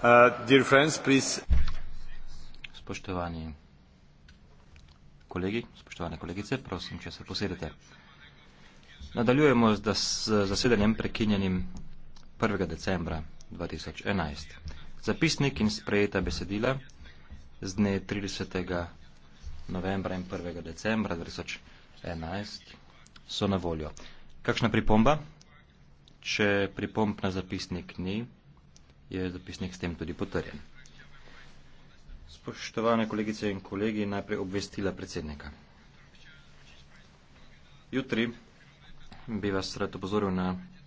Uh, Spoštovani kolegi, spoštovane kolegice, prosim, če se posedete. Nadaljujemo z, z zasedanjem prekinjenim 1. decembra 2011. Zapisnik in sprejeta besedila z dne 30. novembra in 1. decembra 2011 so na voljo. Kakšna pripomba? Če pripomb na zapisnik ni, je zapisnik s tem tudi potrjen. Spoštovane kolegice in kolegi, najprej obvestila predsednika. Jutri bi vas rad opozoril na